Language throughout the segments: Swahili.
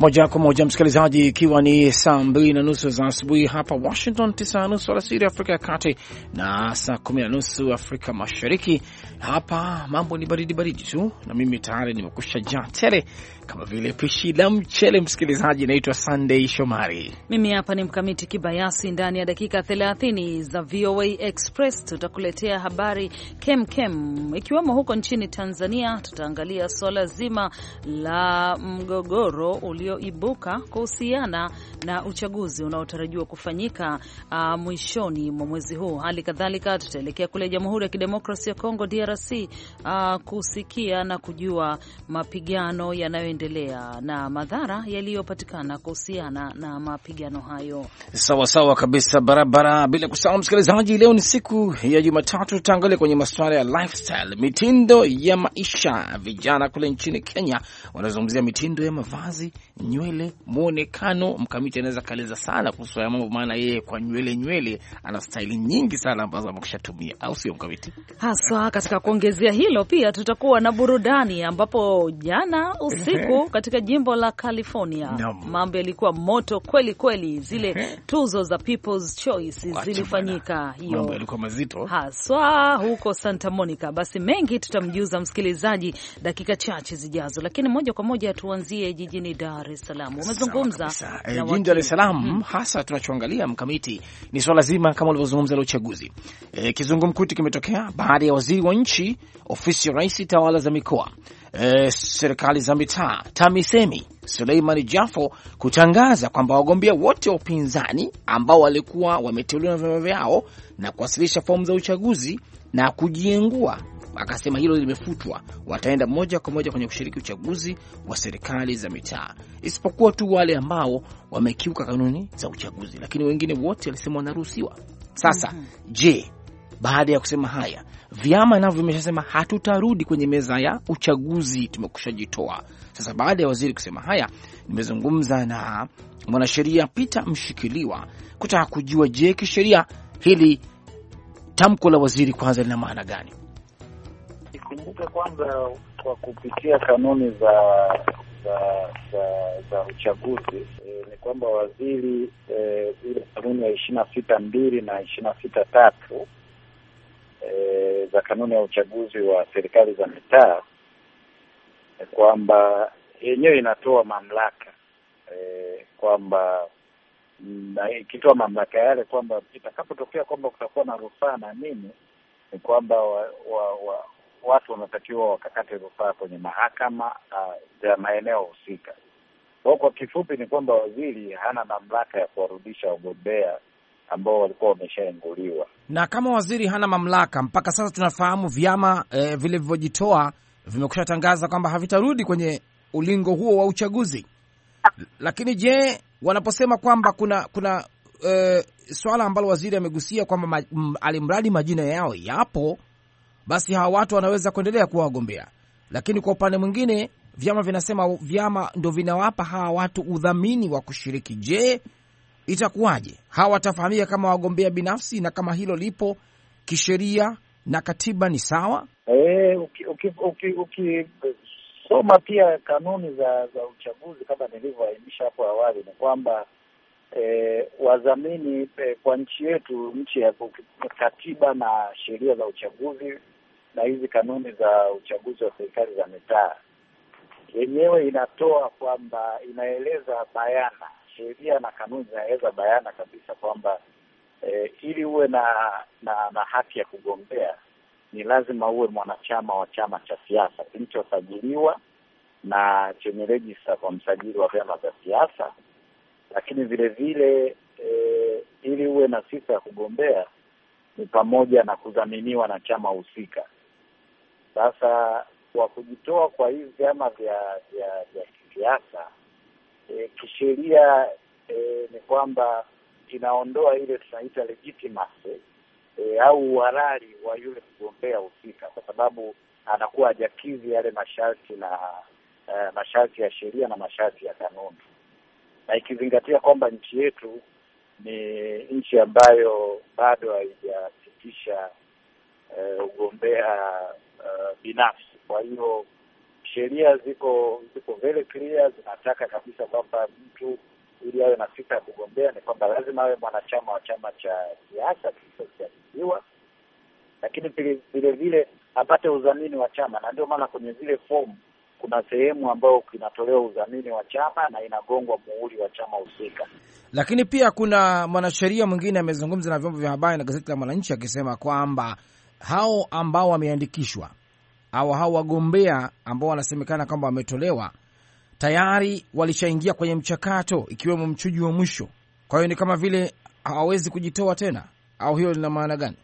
moja kwa moja msikilizaji, ikiwa ni saa mbili na nusu za asubuhi hapa Washington, tisa na nusu alasiri Afrika ya Kati na saa kumi na nusu Afrika Mashariki. Hapa mambo ni baridi baridi tu, na mimi tayari nimekusha ja tele kama vile pishi la mchele. Msikilizaji, naitwa Sunday Shomari, mimi hapa ni mkamiti kibayasi. Ndani ya dakika 30 za VOA Express tutakuletea habari kemkem, ikiwemo huko nchini Tanzania tutaangalia swala zima la mgogoro ulio yanayoibuka kuhusiana na uchaguzi unaotarajiwa kufanyika uh, mwishoni mwa mwezi huu. Hali kadhalika tutaelekea kule Jamhuri ya Kidemokrasia ya Kongo DRC, uh, kusikia na kujua mapigano yanayoendelea na madhara yaliyopatikana kuhusiana na mapigano hayo. Sawa sawa kabisa, barabara. Bila kusahau msikilizaji, leo ni siku ya Jumatatu, tutaangalia kwenye masuala ya lifestyle, mitindo ya maisha. Vijana kule nchini Kenya wanazungumzia mitindo ya mavazi nywele, mwonekano. Mkamiti anaweza kaeleza sana kuhusu haya mambo, maana yeye kwa nywele nywele ana staili nyingi sana ambazo amekushatumia, au sio Mkamiti? Haswa katika kuongezea hilo, pia tutakuwa na burudani ambapo jana usiku katika jimbo la California mambo yalikuwa moto kweli kweli, zile tuzo za People's Choice zilifanyika, hiyo mambo yalikuwa mazito haswa huko Santa Monica. Basi mengi tutamjuza msikilizaji dakika chache zijazo, lakini moja kwa moja tuanzie jijini Dar Dar es Salaam. Umezungumza eh, jijini Dar es Salaam hmm. Hasa tunachoangalia mkamiti ni swala zima kama ulivyozungumza la uchaguzi. E, kizungumkuti kimetokea baada ya waziri wa nchi, ofisi ya rais, tawala za mikoa E, serikali za mitaa TAMISEMI Suleiman Jafo kutangaza kwamba wagombea wote wa upinzani ambao walikuwa wameteuliwa na vyama vyao na kuwasilisha fomu za uchaguzi na kujiengua akasema hilo limefutwa, wataenda moja kwa moja kwenye kushiriki uchaguzi wa serikali za mitaa, isipokuwa tu wale ambao wamekiuka kanuni za uchaguzi, lakini wengine wote walisema wanaruhusiwa. Sasa mm -hmm. Je, baada ya kusema haya, vyama navyo vimeshasema hatutarudi kwenye meza ya uchaguzi, tumekushajitoa. Sasa baada ya waziri kusema haya, nimezungumza na mwanasheria Peter Mshikiliwa kutaka kujua, je, kisheria hili tamko la waziri kwanza lina maana gani? Tukumbuke kwamba kwa kupitia kanuni za za za, za uchaguzi e, ni kwamba waziri e, ile kanuni ya ishirini na sita mbili na ishirini na sita tatu e, za kanuni ya uchaguzi wa serikali za mitaa e, kwamba yenyewe inatoa mamlaka e, kwamba na ikitoa mamlaka yale kwamba itakapotokea kwamba kutakuwa na rufaa na nini, ni kwamba wa, wa, wa, watu wanatakiwa wakakate rufaa kwenye mahakama za uh, maeneo husika. Kwa kwa kifupi ni kwamba waziri hana mamlaka ya kuwarudisha wagombea ambao walikuwa wameshaenguliwa, na kama waziri hana mamlaka mpaka sasa tunafahamu vyama eh, vilivyojitoa vimekusha tangaza kwamba havitarudi kwenye ulingo huo wa uchaguzi. Lakini je, wanaposema kwamba kuna kuna eh, swala ambalo waziri amegusia kwamba ma, alimradi majina yao yapo basi hawa watu wanaweza kuendelea kuwa wagombea. Lakini kwa upande mwingine, vyama vinasema, vyama ndo vinawapa hawa watu udhamini wa kushiriki. Je, itakuwaje? Hawa watafahamika kama wagombea binafsi, na kama hilo lipo kisheria na katiba ni sawa. E, eh, ukisoma pia kanuni za za uchaguzi kama nilivyoainisha hapo awali ni kwamba e, wadhamini e, kwa nchi yetu, nchi ya katiba na sheria za uchaguzi na hizi kanuni za uchaguzi wa serikali za mitaa yenyewe inatoa kwamba, inaeleza bayana sheria na kanuni zinaeleza bayana kabisa kwamba eh, ili uwe na, na na haki ya kugombea ni lazima uwe mwanachama wa chama cha siasa kilichosajiliwa na chenye rejista kwa msajili wa vyama vya siasa, lakini vile vile eh, ili uwe na sifa ya kugombea ni pamoja na kudhaminiwa na chama husika. Sasa kwa kujitoa kwa hivi vyama vya vya vya kisiasa e, kisheria e, ni kwamba inaondoa ile tunaita legitimacy e, au uhalali wa yule mgombea husika, kwa sababu anakuwa hajakidhi yale masharti na uh, masharti ya sheria na masharti ya kanuni, na ikizingatia kwamba nchi yetu ni nchi ambayo bado haijapitisha uh, ugombea Eh, binafsi. Kwa hiyo sheria ziko ziko very clear, zinataka kabisa kwamba mtu ili awe na fika ya kugombea ni kwamba lazima awe mwanachama wa chama cha siasa kilichochaguliwa, lakini vile vile apate udhamini wa chama, na ndio maana kwenye zile fomu kuna sehemu ambayo kinatolewa udhamini wa chama na inagongwa muhuri wa chama husika. Lakini pia kuna mwanasheria mwingine amezungumza na vyombo vya habari na gazeti la Mwananchi akisema kwamba hao ambao wameandikishwa au hao wagombea ambao wanasemekana kwamba wametolewa tayari walishaingia kwenye mchakato, ikiwemo mchuji wa mwisho. Kwa hiyo ni kama vile hawawezi kujitoa tena, au hiyo lina maana gani?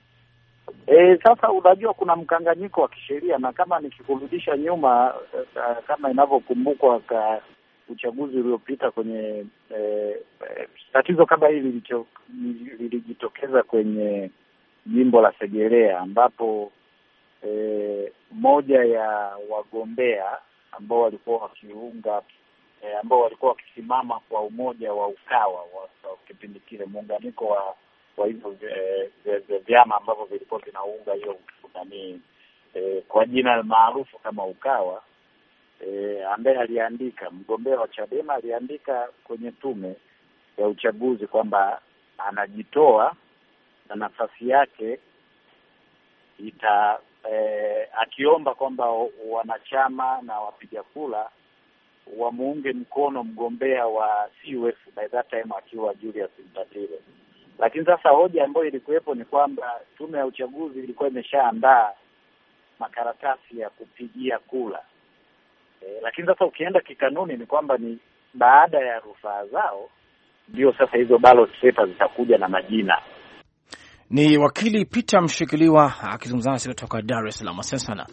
E, sasa unajua kuna mkanganyiko wa kisheria, na kama nikikurudisha nyuma, eh, eh, kama inavyokumbukwa ka uchaguzi uliopita kwenye e, e, tatizo kama hili lilijitokeza kwenye jimbo la Segerea ambapo e, moja ya wagombea ambao walikuwa wakiunga e, ambao walikuwa wakisimama kwa umoja wa Ukawa wa kipindi kile, muunganiko wa wa hivyo eh, vyama ambavyo vilikuwa vinaunga hiyo nani e, kwa jina maarufu kama Ukawa e, ambaye aliandika mgombea wa Chadema aliandika kwenye tume ya uchaguzi kwamba anajitoa na nafasi yake ita eh, akiomba kwamba wanachama na wapiga kura wamuunge mkono mgombea wa CUF by that time akiwa Julius Mtatile. Lakini sasa hoja ambayo ilikuwepo ni kwamba tume ya uchaguzi ilikuwa imeshaandaa makaratasi ya kupigia kura eh, lakini sasa ukienda kikanuni ni kwamba ni baada ya rufaa zao ndio sasa hizo ballot paper zitakuja na majina ni wakili Peter Mshikiliwa akizungumza nasi kutoka Dar es Salaam. Asante sana.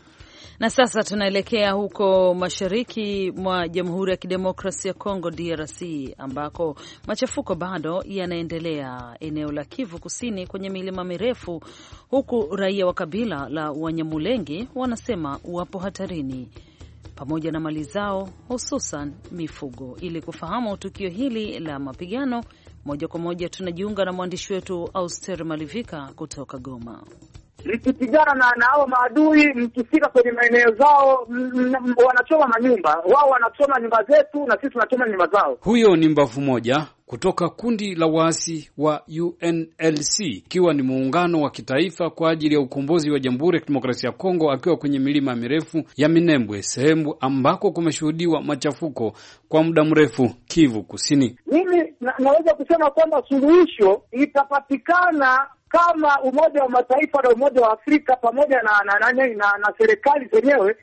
Na sasa tunaelekea huko mashariki mwa Jamhuri ya Kidemokrasia ya Kongo, DRC, ambako machafuko bado yanaendelea eneo la Kivu Kusini kwenye milima mirefu, huku raia wa kabila la Wanyamulenge wanasema wapo hatarini pamoja na mali zao, hususan mifugo. Ili kufahamu tukio hili la mapigano moja kwa moja tunajiunga na mwandishi wetu Auster Malivika kutoka Goma mkipigana na, na hao maadui, mkifika kwenye maeneo zao wanachoma manyumba, wao wanachoma nyumba zetu na sisi tunachoma nyumba zao. Huyo ni mbavu moja kutoka kundi la waasi wa UNLC ikiwa ni muungano wa kitaifa kwa ajili ya ukombozi wa Jamhuri ya Kidemokrasia ya Kongo, akiwa kwenye milima mirefu ya Minembwe, sehemu ambako kumeshuhudiwa machafuko kwa muda mrefu Kivu Kusini. Mimi na, naweza kusema kwamba suluhisho itapatikana kama Umoja wa Mataifa na Umoja wa Afrika pamoja na na, na, na, na serikali zenyewe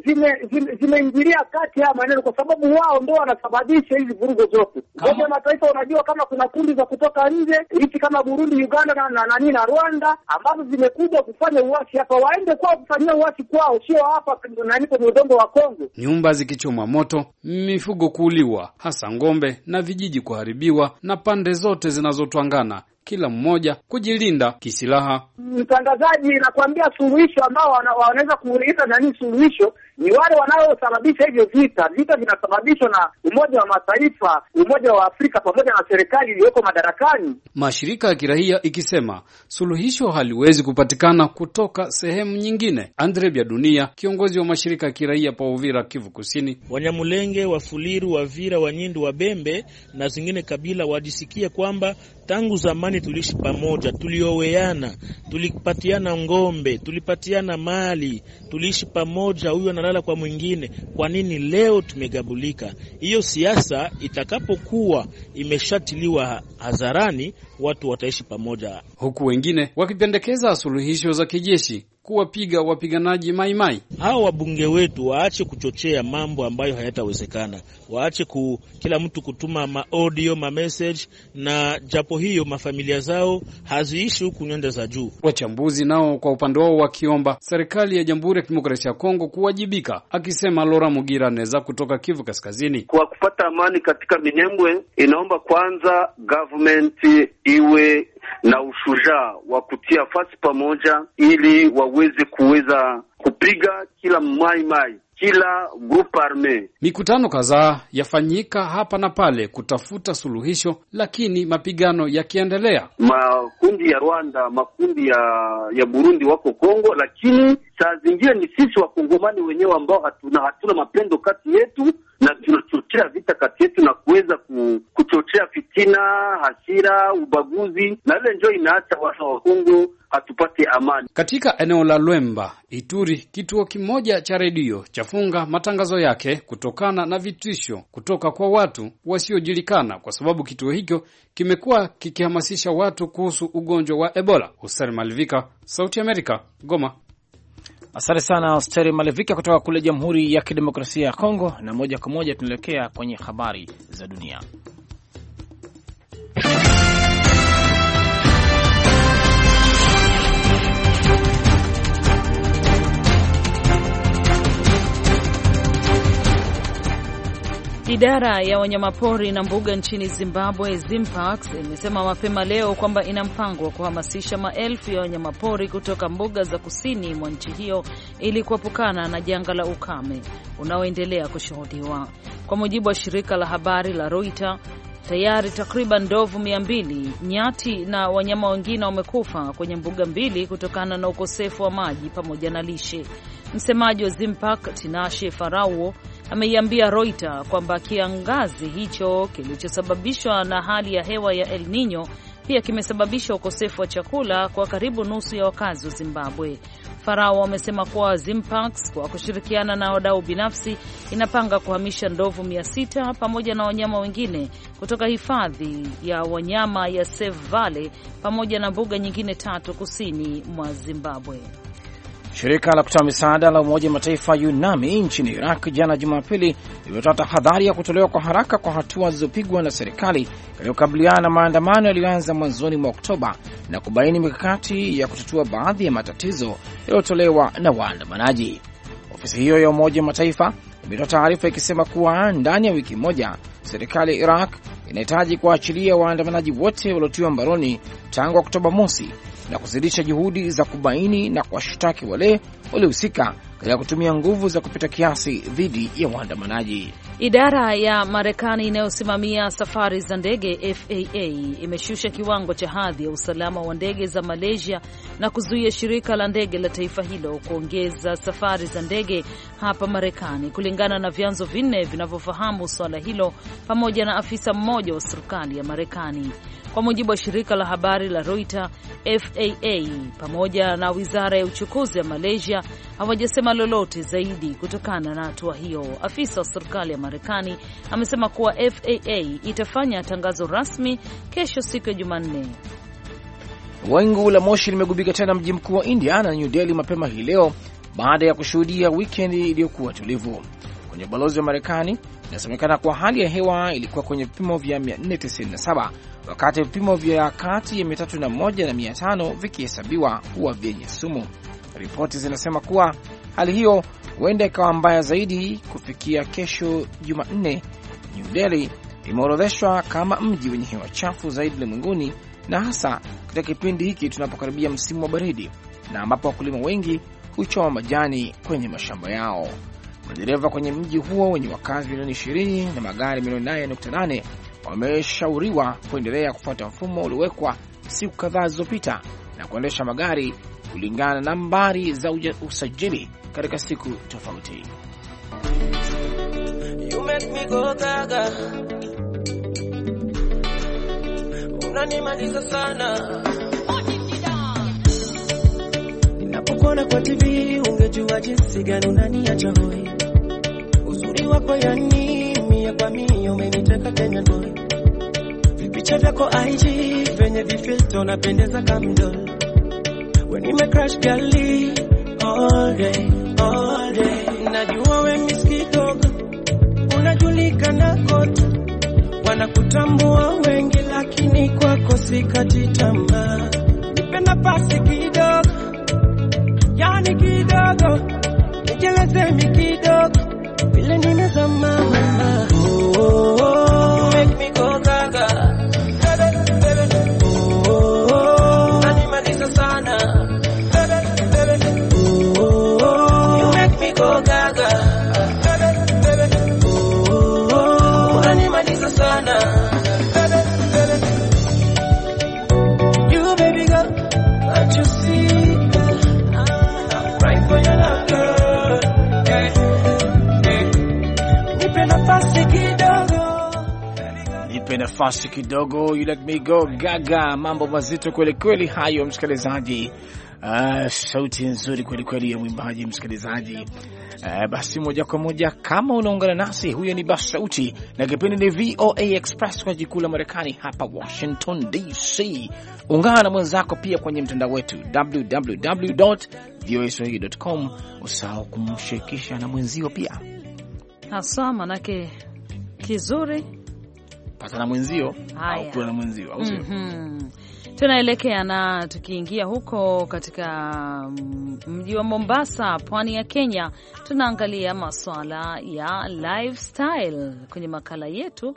zimeingilia kati ya maneno, kwa sababu wao ndio wanasababisha hizi vurugo zote. Umoja wa Mataifa unajua kama kuna kundi za kutoka nje nchi kama Burundi, Uganda na na, na, na Rwanda ambazo zimekuja kufanya uasi hapa, waende kwao kufanyia uasi kwao, sio hapa nani kwenye udongo wa Kongo. Nyumba zikichomwa moto, mifugo kuuliwa, hasa ng'ombe na vijiji kuharibiwa, na pande zote zinazotwangana kila mmoja kujilinda kisilaha. Mtangazaji, nakwambia suluhisho ambao wanaweza kuuliza nani, suluhisho ni wale wanaosababisha hivyo vita. Vita vinasababishwa na Umoja wa Mataifa, Umoja wa Afrika pamoja na serikali iliyoko madarakani. Mashirika ya kirahia ikisema suluhisho haliwezi kupatikana kutoka sehemu nyingine. Andre Bya Dunia, kiongozi wa mashirika ya kirahia pa Uvira, Kivu Kusini. Wanyamulenge, Wafuliru, Wavira, Wanyindu, Wabembe na zingine kabila wajisikia kwamba Tangu zamani tuliishi pamoja, tulioweana, tulipatiana ngombe, tulipatiana mali, tuliishi pamoja, huyu analala kwa mwingine. Kwa nini leo tumegabulika? Hiyo siasa itakapokuwa imeshatiliwa hadharani, watu wataishi pamoja, huku wengine wakipendekeza suluhisho za kijeshi kuwapiga wapiganaji maimai hawa Wabunge wetu waache kuchochea mambo ambayo hayatawezekana, waache ku, kila mtu kutuma maaudio mamessage, na japo hiyo mafamilia zao haziishi huku nyanda za juu. Wachambuzi nao kwa upande wao wakiomba serikali ya Jamhuri ya Kidemokrasia ya Kongo kuwajibika, akisema Lora Mugira Neza kutoka Kivu Kaskazini. Kwa kupata amani katika Minembwe, inaomba kwanza government iwe na ushujaa wa kutia fasi pamoja, ili waweze kuweza kupiga kila maimai kila grupu arme. Mikutano kadhaa yafanyika hapa na pale kutafuta suluhisho, lakini mapigano yakiendelea. Makundi ya Rwanda, makundi ya ya Burundi wako Kongo, lakini saa zingine ni sisi wakongomani wenyewe ambao hatuna hatuna mapendo kati yetu na tunachochea vita kati yetu na kuweza kuchochea fitina, hasira, ubaguzi, na ile njo inaacha wana wa Kongo hatupate amani. Katika eneo la Lwemba, Ituri, kituo kimoja cha redio chafunga matangazo yake kutokana na vitisho kutoka kwa watu wasiojulikana, kwa sababu kituo hicho kimekuwa kikihamasisha watu kuhusu ugonjwa wa Ebola. Hussein Malvika, Sauti Amerika, Goma. Asante sana Osteri Malevika kutoka kule Jamhuri ya Kidemokrasia ya Kongo. Na moja kwa moja tunaelekea kwenye habari za dunia. Idara ya wanyamapori na mbuga nchini Zimbabwe, ZimParks, imesema mapema leo kwamba ina mpango wa kuhamasisha maelfu ya wanyamapori kutoka mbuga za kusini mwa nchi hiyo ili kuepukana na janga la ukame unaoendelea kushuhudiwa. Kwa mujibu wa shirika la habari la Reuters, tayari takriban ndovu 200, nyati na wanyama wengine wamekufa kwenye mbuga mbili kutokana na ukosefu wa maji pamoja na lishe. Msemaji wa ZimPark Tinashe Farauo ameiambia Reuters kwamba kiangazi hicho kilichosababishwa na hali ya hewa ya El Nino pia kimesababisha ukosefu wa chakula kwa karibu nusu ya wakazi wa Zimbabwe. Farao wamesema kuwa Zimparks kwa kushirikiana na wadau binafsi inapanga kuhamisha ndovu 600 pamoja na wanyama wengine kutoka hifadhi ya wanyama ya Save Valley pamoja na mbuga nyingine tatu kusini mwa Zimbabwe. Shirika la kutoa misaada la Umoja Mataifa UNAMI nchini Iraq jana Jumapili limetoa tahadhari ya kutolewa kwa haraka kwa hatua zilizopigwa na serikali katika kukabiliana na maandamano yaliyoanza mwanzoni mwa Oktoba na kubaini mikakati ya kutatua baadhi ya matatizo yaliyotolewa na waandamanaji. Ofisi hiyo ya Umoja Mataifa imetoa taarifa ikisema kuwa ndani ya wiki moja serikali ya Iraq inahitaji kuwaachilia waandamanaji wote waliotiwa mbaroni tangu Oktoba mosi na kuzidisha juhudi za kubaini na kuwashtaki wale waliohusika na kutumia nguvu za kupita kiasi dhidi ya waandamanaji. Idara ya Marekani inayosimamia safari za ndege FAA imeshusha kiwango cha hadhi ya usalama wa ndege za Malaysia na kuzuia shirika la ndege la taifa hilo kuongeza safari za ndege hapa Marekani, kulingana na vyanzo vinne vinavyofahamu suala hilo pamoja na afisa mmoja wa serikali ya Marekani kwa mujibu wa shirika la habari la Reuters. FAA pamoja na wizara ya uchukuzi ya Malaysia hawajasema lolote zaidi kutokana na hatua hiyo. Afisa wa serikali ya Marekani amesema kuwa FAA itafanya tangazo rasmi kesho, siku ya Jumanne. Wingu la moshi limegubika tena mji mkuu wa India na New Delhi mapema hii leo baada ya kushuhudia wikendi iliyokuwa tulivu kwenye ubalozi wa Marekani. Inasemekana kuwa hali ya hewa ilikuwa kwenye vipimo vya 497 wakati vipimo vya kati ya 301 na 500 vikihesabiwa kuwa vyenye sumu. Ripoti zinasema kuwa hali hiyo huenda ikawa mbaya zaidi kufikia kesho Jumanne. New Delhi imeorodheshwa kama mji wenye hewa chafu zaidi ulimwenguni, na hasa katika kipindi hiki tunapokaribia msimu wa baridi na ambapo wakulima wengi huchoma majani kwenye mashamba yao. Madereva kwenye mji huo wenye wakazi milioni 20 na magari milioni 8.8 wameshauriwa kuendelea kufuata mfumo uliowekwa siku kadhaa zilizopita na kuendesha magari kulingana na nambari za usajili katika siku tofauti. Unanimaliza sana ninapokuona kwa TV, ungejua jinsi gani unaniacha hoi wako yani mia kwa mia umeniteka tena boy, vipicha vyako IG venye vifilto napendeza When you nime crash gali all day all day. Najua we miss kidogo, unajulikana kote, wanakutambua wengi, lakini kwako sikati tamaa. Nipe nafasi kidogo, yani kidogo, nijelezemi kidogo Vile nimezama mama, oh, oh, oh. You make me go nafasi kidogo, you let me go gaga. Mambo mazito kweli kweli hayo, msikilizaji. Uh, sauti nzuri kweli kweli ya mwimbaji msikilizaji. Uh, basi moja kwa moja kama unaungana nasi, huyo ni Bas Sauti na kipindi ni VOA Express kwa jikuu la Marekani hapa Washington DC. Ungana na mwenzako pia kwenye mtandao wetu www.voaswahili.com. Usahau kumshirikisha na mwenzio pia haswa, manake kizuri na mwenzio au kuwa na mwenzio au sio? Mhm. Tunaelekea na tukiingia huko katika mm, mji wa Mombasa, pwani ya Kenya, tunaangalia masuala ya lifestyle kwenye makala yetu.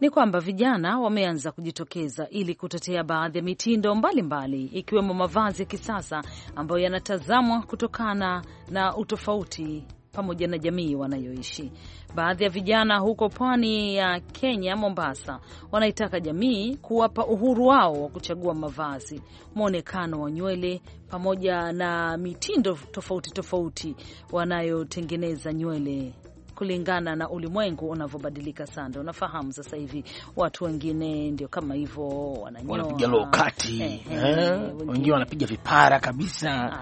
Ni kwamba vijana wameanza kujitokeza ili kutetea baadhi ya mitindo mbalimbali ikiwemo mavazi ya kisasa ambayo yanatazamwa kutokana na utofauti pamoja na jamii wanayoishi. Baadhi ya vijana huko pwani ya Kenya, Mombasa, wanaitaka jamii kuwapa uhuru wao wa kuchagua mavazi, mwonekano wa nywele pamoja na mitindo tofauti tofauti wanayotengeneza nywele kulingana na ulimwengu unavyobadilika sana. Unafahamu sasa hivi watu wengine ndio kama hivyo wananyoa, wanapiga eh, wengine wanapiga vipara kabisa,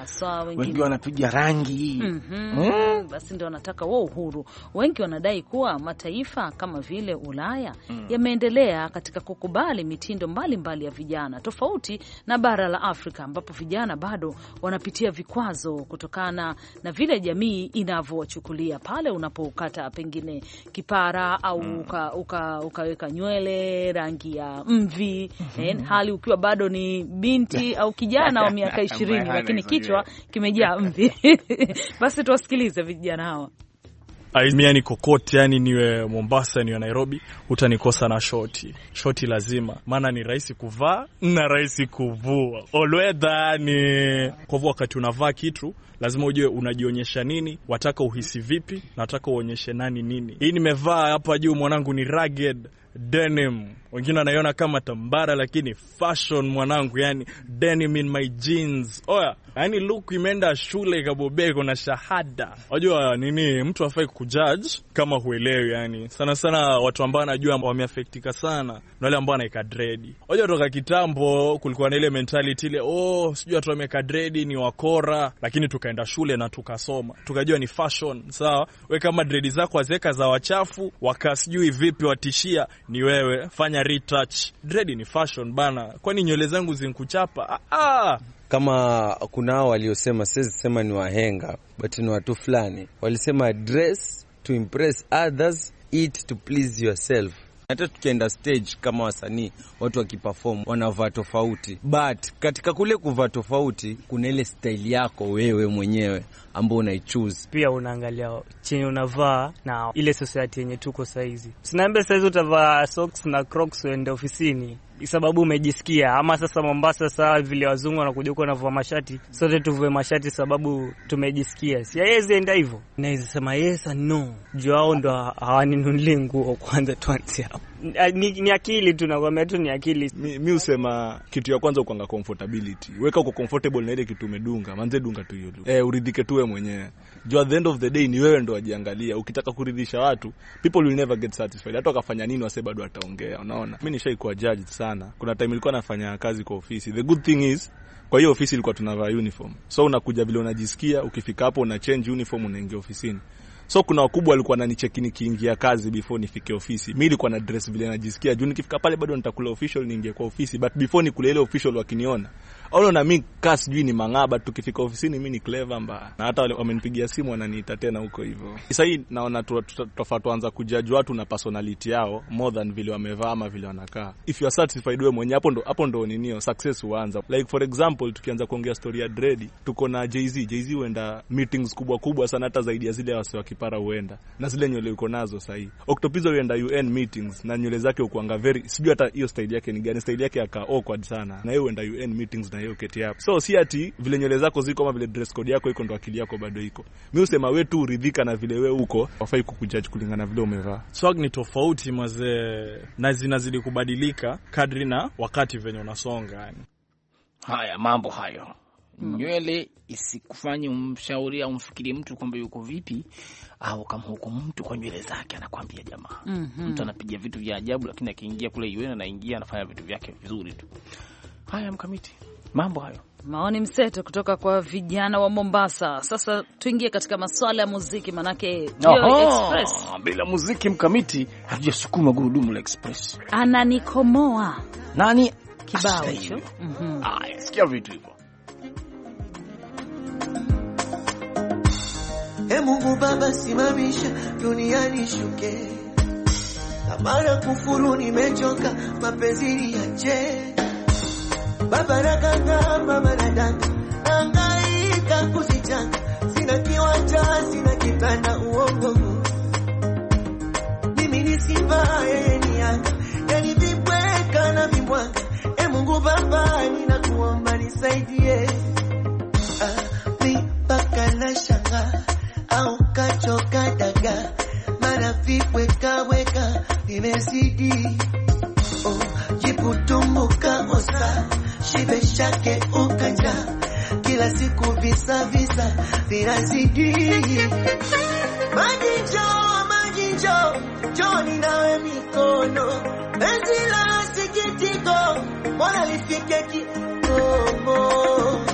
wengine wanapiga rangi mm -hmm. Basi ndio wanataka wao uhuru. Wengi wanadai kuwa mataifa kama vile Ulaya mm. yameendelea katika kukubali mitindo mbalimbali mbali ya vijana tofauti na bara la Afrika ambapo vijana bado wanapitia vikwazo kutokana na vile jamii inavyowachukulia pale unapoka ukapata pengine kipara au mm. uka, uka, ukaweka nywele rangi ya mvi mm-hmm. en, eh, hali ukiwa bado ni binti au kijana wa miaka ishirini lakini kichwa kimejaa mvi. Basi tuwasikilize vijana hawa yani kokote, yani niwe Mombasa, niwe Nairobi, utanikosa na shoti. Shoti lazima, maana ni rahisi kuvaa na rahisi kuvua. Olwedha ni kwa hivyo, wakati unavaa kitu lazima ujue unajionyesha nini, wataka uhisi vipi, nataka uonyeshe nani nini. Hii nimevaa hapa juu mwanangu ni ragged denim, wengine wanaiona kama tambara, lakini fashion mwanangu, yani denim in my jeans. Oya, yani look imeenda shule ikabobea, iko na shahada. Wajua nini, mtu afai kujudge kama huelewi. Yani sana sana watu ambao anajua wameafektika sana na wale ambao anaika dredi. Wajua toka kitambo kulikuwa na ile mentality ile, oh, sijui watu wameka dredi ni wakora, lakini tukaenda shule na tukasoma tukajua ni fashion. Sawa, we kama dredi zako waziweka za wachafu, wakasijui vipi watishia ni wewe, fanya retouch. Dread ni fashion bana, kwani nywele zangu zinkuchapa? Ah, ah. kama kunao waliosema, siwezi sema ni wahenga, but ni watu fulani walisema dress to impress others, eat to please yourself. Hata tukienda stage kama wasanii, watu wakiperform wanavaa tofauti, but katika kule kuvaa tofauti kuna ile style yako wewe mwenyewe ambao unaichoose. Pia unaangalia chenye unavaa na ile society yenye tuko saizi. Sinaambia saizi utavaa socks na crocs uende ofisini sababu umejisikia ama. Sasa Mombasa, saa vile wazungu wanakuja huko wanavua mashati, sote tuvue mashati sababu tumejisikia. Si haiwezi enda hivyo, naweza sema yes and no, juu hao ndo hawaninunulie nguo. Kwanza tuanze hapo. Eh, ni, ni akili tu nakwambia tu ni akili. Mi, mi usema kitu ya kwanza ukwanga comfortability. Weka uko comfortable na ile kitu umedunga, manze dunga tu hiyo. Eh, uridhike tu wewe mwenyewe. Jo, at the end of the day ni wewe ndo wajiangalia. Ukitaka kuridhisha watu, people will never get satisfied. Hata wakafanya nini wase bado wataongea, unaona? Mimi nishaikuwa judged sana. Kuna time nilikuwa nafanya kazi kwa ofisi. The good thing is kwa hiyo ofisi ilikuwa tunavaa uniform. So unakuja vile unajisikia, ukifika hapo una change uniform unaingia ofisini. So kuna wakubwa walikuwa wananicheki nikiingia kazi before nifike ofisi. Mimi nilikuwa na dress vile najisikia. Juu nikifika pale bado nitakula official, niingie kwa ofisi, but before nikule ile official wakiniona wale na mi kaa sijui ni mang'aba, tukifika ofisini mi ni clever mba, na hata wamenipigia simu wananiita tena huko hivyo. Sasa hii naona tutafaa tuanza kujaji watu na personality yao more than vile wamevaa ama vile wanakaa. If you are satisfied wewe mwenyewe, hapo ndo hapo ndo ninio success huanza. Like for example, tukianza kuongea story ya Dredi, tuko na Jay-Z. Jay-Z huenda meetings kubwa kubwa sana hata zaidi ya zile wase wa kipara huenda na zile nywele uko nazo sasa hii. Octopizzo huenda UN meetings na nywele zake ukuanga very, sijui hata hiyo style yake ni gani, style yake akaa awkward sana na yeye huenda UN meetings na hiyo uketi hapo. So si ati vile nywele zako ziko ama vile dress code yako iko ndo akili yako bado iko. Mimi usema wewe tu uridhika na vile wewe uko, wafai kukujudge kulingana vile umevaa. Swag ni tofauti mazee, na zinazidi kubadilika kadri na wakati venye unasonga yani. Haya mambo hayo nywele isikufanye umshauri au mfikiri mtu kwamba yuko vipi, au kamhukumu mtu kwa nywele zake, anakwambia jamaa. mm -hmm. Mtu anapiga vitu vya ajabu, lakini akiingia kule UN anaingia anafanya vitu vyake vizuri tu. Haya mkamiti mambo hayo. Maoni mseto kutoka kwa vijana wa Mombasa. Sasa tuingie katika maswala ya muziki, manake bila muziki mkamiti hatujasukuma gurudumu la Express. Ananikomoa nani kibao hicho? mm -hmm. Sikia vitu hivyo. E Mungu Baba, simamisha duniani shuke, mara kufuru, nimechoka mapenzi ya je babarakanga mama na danga, angaika kuzichanga, sina kiwanja, sina kitanda, uongo mimi ni simba, yeye ni na vibwanga. E ah, na shanga au daga, mara vibwekaweka vimezidi oh, jiputumuka osa shibe ukanja kila siku visa visa vinazidi. Maji njoo, maji njoo, njoni nawe mikono, penzi la masikitiko mbona lifike kikomo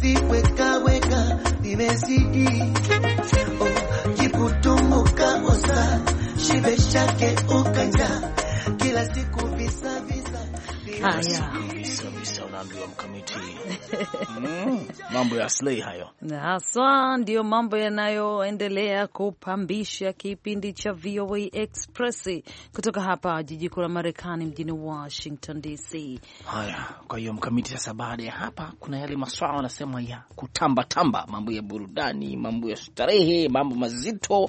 viweka weka vimezidi oh, kiputumbuka osa shibe shake ukanja kila siku kabisa unaambiwa mkamiti mm, mambo ya slay hayo haswa, ndiyo mambo yanayoendelea kupambisha kipindi cha VOA Express kutoka hapa jiji kuu la Marekani mjini Washington DC. Haya, kwa hiyo mkamiti, sasa baada ya hapa kuna yale maswala wanasema ya kutambatamba, mambo ya burudani, mambo ya starehe, mambo mazito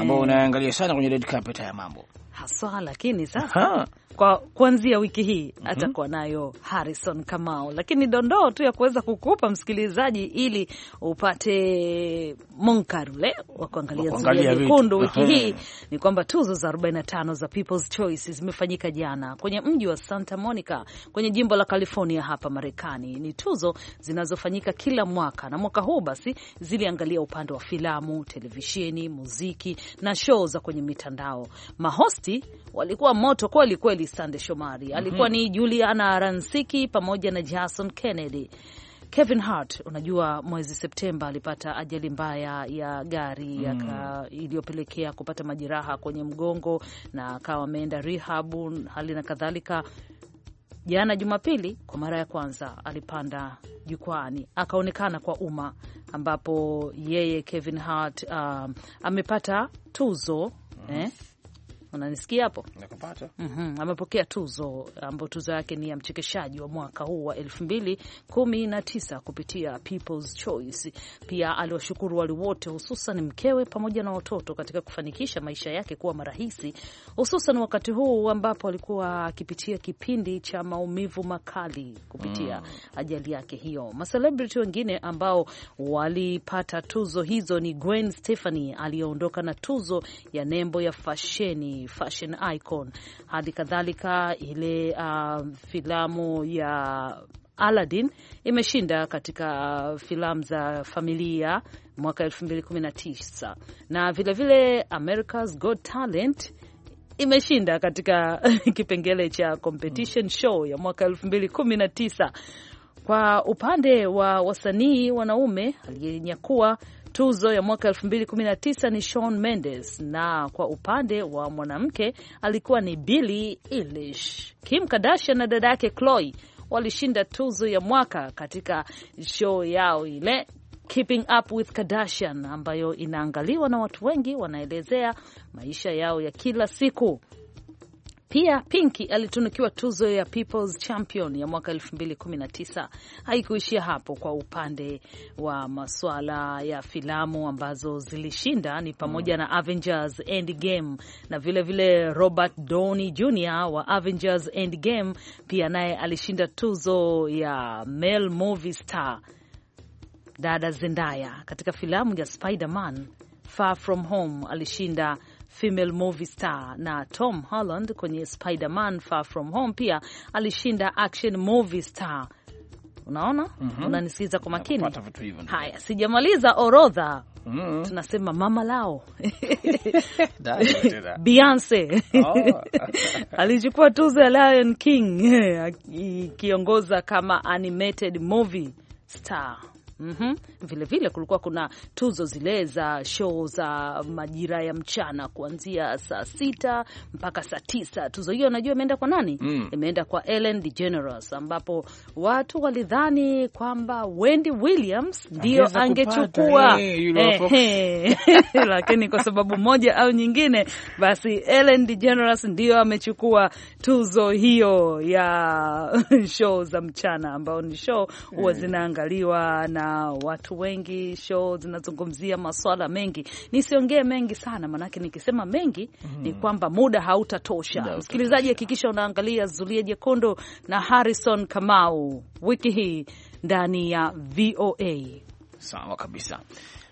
ambayo unaangalia sana kwenye red carpet ya mambo haswa, lakini sasa kwa kuanzia wiki hii mm -hmm. atakuwa nayo Harrison Kamau, lakini dondoo tu ya kuweza kukupa msikilizaji ili upate munkar ule wa kuangalia zulia wiki hii ni kwamba tuzo za 45 za People's Choice zimefanyika jana kwenye mji wa Santa Monica kwenye jimbo la California hapa Marekani. Ni tuzo zinazofanyika kila mwaka, na mwaka huu basi ziliangalia upande wa filamu, televisheni, muziki na show za kwenye mitandao. Mahosti walikuwa moto kweli kweli kweli, Sande Shomari mhm. alikuwa mm -hmm. ni Juliana Aransiki pamoja na Jason Kennedy. Kevin Hart, unajua mwezi Septemba alipata ajali mbaya ya gari mm. iliyopelekea kupata majeraha kwenye mgongo na akawa ameenda rehabu, hali na kadhalika. Jana Jumapili, kwa mara ya kwanza alipanda jukwani akaonekana kwa umma, ambapo yeye Kevin Hart uh, amepata tuzo eh, mm. eh? unanisikia hapo? Nakupata. mm Amepokea tuzo ambayo tuzo yake ni ya mchekeshaji wa mwaka huu wa 2019 kupitia People's Choice. Pia aliwashukuru wale wote, hususan mkewe pamoja na watoto katika kufanikisha maisha yake kuwa marahisi, hususan wakati huu ambapo alikuwa akipitia kipindi cha maumivu makali kupitia mm, ajali yake hiyo. Macelebrity wengine ambao walipata tuzo hizo ni Gwen Stefani aliyeondoka na tuzo ya nembo ya fasheni Barbie fashion icon, hadi kadhalika ile uh, filamu ya Aladdin imeshinda katika filamu za familia mwaka 2019 na vilevile America's Got Talent imeshinda katika kipengele cha competition show ya mwaka 2019. Kwa upande wa wasanii wanaume aliyenyakua Tuzo ya mwaka 2019 ni Shawn Mendes, na kwa upande wa mwanamke alikuwa ni Billie Eilish. Kim Kardashian na dada yake cloy walishinda tuzo ya mwaka katika show yao ile Keeping Up with Kardashian ambayo inaangaliwa na watu wengi wanaelezea maisha yao ya kila siku pia Pinki alitunukiwa tuzo ya People's Champion ya mwaka 2019. Haikuishia hapo. Kwa upande wa masuala ya filamu ambazo zilishinda ni pamoja mm. na Avengers Endgame na vilevile vile Robert Downey Jr wa Avengers Endgame, pia naye alishinda tuzo ya Male Movie Star, dada Zendaya katika filamu ya Spider-Man Far From Home alishinda Female Movie Star, na Tom Holland kwenye Spider-Man Far From Home pia alishinda Action Movie Star. Unaona, mm -hmm. Unanisikiza kwa makini? Haya, sijamaliza orodha. mm -hmm. Tunasema mama lao Beyonce oh. alichukua tuzo ya Lion King ikiongoza kama animated movie star Mm -hmm. Vile vile kulikuwa kuna tuzo zile za show za majira ya mchana kuanzia saa sita mpaka saa tisa. Tuzo hiyo unajua imeenda kwa nani? Mm. Imeenda kwa Ellen DeGeneres ambapo watu walidhani kwamba Wendy Williams ndio angechukua eh, lakini kwa sababu moja au nyingine, basi Ellen DeGeneres ndio amechukua tuzo hiyo ya show za mchana, ambao ni show huwa eh. zinaangaliwa na watu wengi, show zinazungumzia maswala mengi. Nisiongee mengi sana, maanake nikisema mengi mm. ni mm-hmm. kwamba muda hautatosha. Msikilizaji, hakikisha unaangalia Zulia Jekundu na Harrison Kamau wiki hii ndani ya VOA. Sawa kabisa.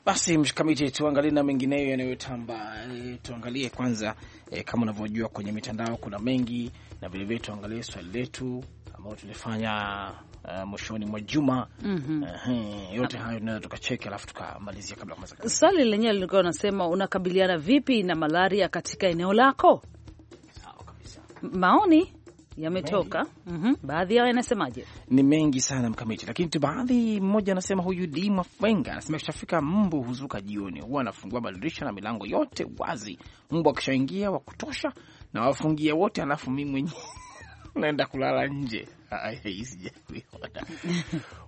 Basi mkamiti, tuangalie na mengineyo yanayotamba. E, tuangalie kwanza e, kama unavyojua kwenye mitandao kuna mengi, na vilevile tuangalie swali letu ambayo tulifanya uh, mwishoni mwa juma mm -hmm. uh, yote hayo tunaweza tukacheki, alafu tukamalizia kabla kumaliza. Swali lenyewe lilikuwa unasema unakabiliana vipi na malaria katika eneo lako? Sawa kabisa, maoni yametoka mm -hmm. Baadhi yao yanasemaje? Ni mengi sana mkamiti, lakini tu baadhi, mmoja anasema huyu D mafenga anasema kishafika mbu huzuka jioni, huwa anafungua madirisha na milango yote wazi, mbu akishaingia wa kutosha na wafungia wote, alafu mimi mwenyewe unaenda kulala nje.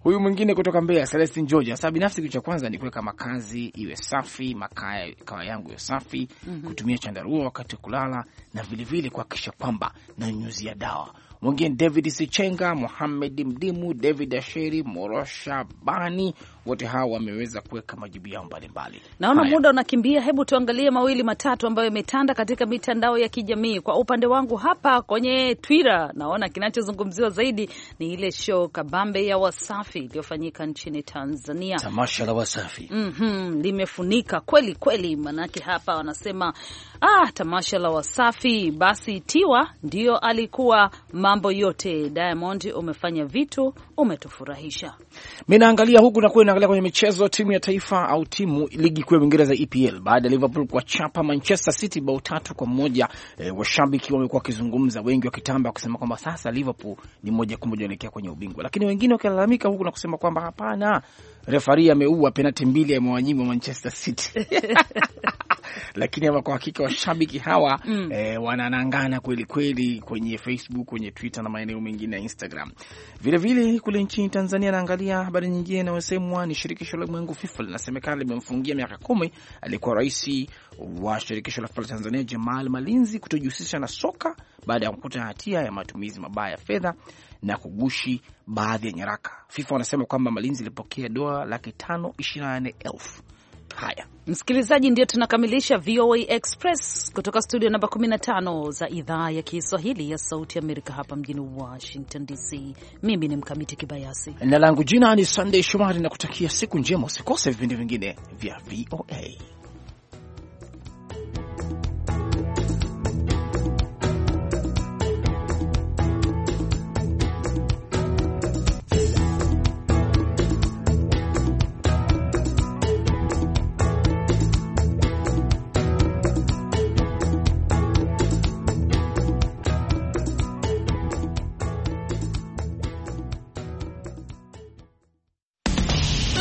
Huyu mwingine kutoka Mbeya, Celestin George, sasa binafsi, kitu cha kwanza ni kuweka makazi iwe safi, makaa yangu iwe safi mm -hmm. kutumia chandarua wakati kulala na vilevile kuhakikisha kwamba nanyunyuzia dawa. Mwingine David Sichenga, Muhamed Mdimu, David Asheri, Morosha Bani wote hawa wameweza kuweka majibu yao mbalimbali. Naona muda unakimbia, hebu tuangalie mawili matatu ambayo yametanda katika mitandao ya kijamii. Kwa upande wangu hapa kwenye Twitter naona kinachozungumziwa zaidi ni ile show kabambe ya Wasafi iliyofanyika nchini Tanzania. Tamasha la Wasafi mm -hmm, limefunika kweli kweli, manake hapa wanasema ah, tamasha la Wasafi basi Tiwa ndio alikuwa mambo yote, Diamond umefanya vitu umetufurahisha. Mi naangalia huku na kule, naangalia kwenye michezo, timu ya taifa au timu ligi kuu ya Uingereza EPL, baada ya Liverpool kuwachapa Manchester City bao tatu kwa moja. E, washabiki wamekuwa wakizungumza wengi, wakitamba wakisema kwamba sasa Liverpool ni moja kwa moja anaelekea kwenye ubingwa, lakini wengine wakilalamika huku na kusema kwamba hapana, refari ameua penati mbili amewanyima wa Manchester City lakini ama kwa hakika washabiki hawa mm. eh, wananangana kweli kweli kwenye Facebook, kwenye Twitter na maeneo mengine ya Instagram vilevile vile. Kule nchini Tanzania, naangalia habari nyingine inayosemwa ni shirikisho la ulimwengu FIFA linasemekana limemfungia miaka kumi aliyekuwa rais wa shirikisho la FIFA la Tanzania Jamal Malinzi kutojihusisha na soka baada ya kukuta hatia ya matumizi mabaya ya fedha na kugushi baadhi ya nyaraka. FIFA wanasema kwamba Malinzi ilipokea dola laki tano ishirini na nane elfu. Haya msikilizaji, ndio tunakamilisha VOA Express kutoka studio namba 15 za idhaa ya Kiswahili ya Sauti Amerika hapa mjini Washington DC. Mimi ni Mkamiti Kibayasi na langu jina ni Sunday Shomari, na kutakia siku njema. Usikose vipindi vingine vya VOA.